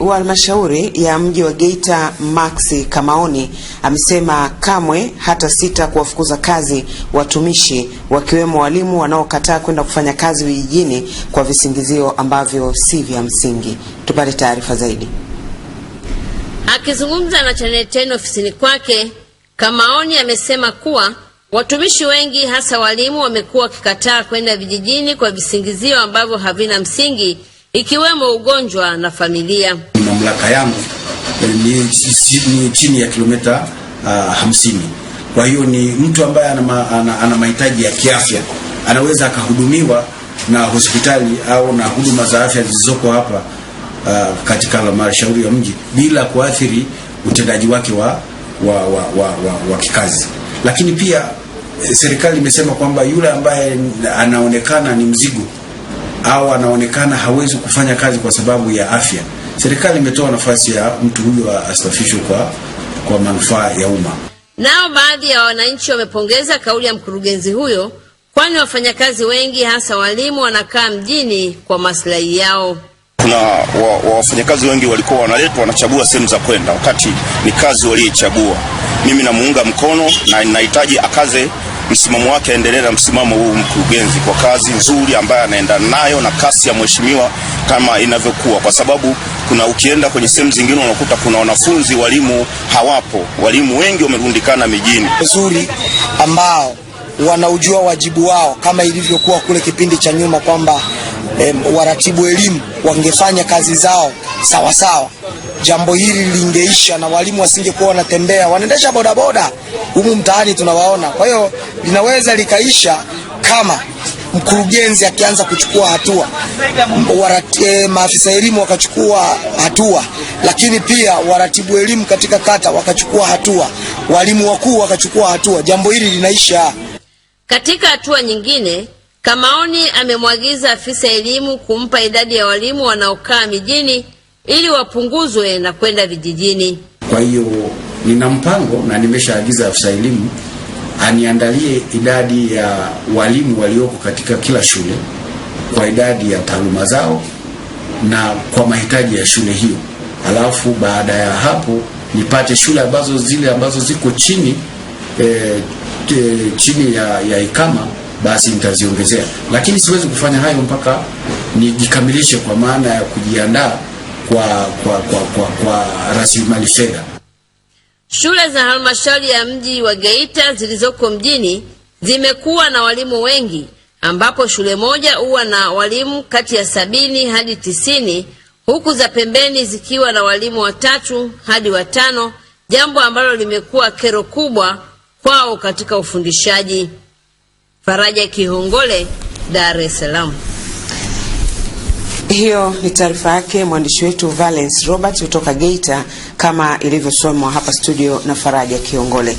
wa halmashauri ya mji wa Geita Maxi Kamaoni amesema kamwe hata sita kuwafukuza kazi watumishi wakiwemo walimu wanaokataa kwenda kufanya kazi vijijini kwa visingizio ambavyo si vya msingi. Tupate taarifa zaidi. Akizungumza na Channel 10 ofisini kwake, Kamaoni amesema kuwa watumishi wengi hasa walimu wamekuwa wakikataa kwenda vijijini kwa visingizio ambavyo havina msingi ikiwemo ugonjwa na familia. Mamlaka yangu ni, chini ya kilomita uh, hamsini. Kwa hiyo ni mtu ambaye ana, ana, ana mahitaji ya kiafya anaweza akahudumiwa na hospitali au na huduma za afya zilizoko hapa uh, katika halmashauri ya mji bila kuathiri utendaji wake wa, wa, wa, wa, wa, wa kikazi. Lakini pia eh, serikali imesema kwamba yule ambaye anaonekana ni mzigo au anaonekana hawezi kufanya kazi kwa sababu ya afya, serikali imetoa nafasi ya mtu huyo astafishwe kwa, kwa manufaa ya umma. Nao baadhi ya wananchi wamepongeza kauli ya mkurugenzi huyo, kwani wafanyakazi wengi hasa walimu wanakaa mjini kwa maslahi yao. Kuna wafanyakazi wengi walikuwa wanaletwa wanachagua sehemu za kwenda, wakati ni kazi waliyechagua Mimi namuunga mkono na ninahitaji akaze msimamo wake aendelee na msimamo huu mkurugenzi, kwa kazi nzuri ambayo anaenda nayo na kasi ya mheshimiwa kama inavyokuwa, kwa sababu kuna ukienda kwenye sehemu zingine unakuta kuna wanafunzi, walimu hawapo, walimu wengi wamerundikana mijini. Nzuri ambao wanaujua wajibu wao kama ilivyokuwa kule kipindi cha nyuma kwamba waratibu elimu wangefanya kazi zao sawasawa sawa jambo hili lingeisha na walimu wasingekuwa wanatembea, wanaendesha bodaboda humu mtaani tunawaona. Kwa hiyo linaweza likaisha kama mkurugenzi akianza kuchukua hatua, e, maafisa elimu wakachukua hatua, lakini pia waratibu elimu katika kata wakachukua hatua, walimu wakuu wakachukua hatua, jambo hili linaisha. Katika hatua nyingine, Kamaoni amemwagiza afisa elimu kumpa idadi ya walimu wanaokaa mijini ili wapunguzwe na kwenda vijijini. Kwa hiyo nina mpango na nimeshaagiza afisa elimu aniandalie idadi ya walimu walioko katika kila shule kwa idadi ya taaluma zao na kwa mahitaji ya shule hiyo, alafu baada ya hapo nipate shule ambazo zile ambazo ziko chini e, e, chini ya, ya ikama basi nitaziongezea, lakini siwezi kufanya hayo mpaka nijikamilishe kwa maana ya kujiandaa kwa, kwa, kwa, kwa, kwa rasilimali fedha. Shule za halmashauri ya mji wa Geita zilizoko mjini zimekuwa na walimu wengi ambapo shule moja huwa na walimu kati ya sabini hadi tisini huku za pembeni zikiwa na walimu watatu hadi watano, jambo ambalo limekuwa kero kubwa kwao katika ufundishaji. Faraja Kihongole, Dar es Salaam. Hiyo ni taarifa yake mwandishi wetu Valence Robert kutoka Geita, kama ilivyosomwa hapa studio na Faraja Kiongole.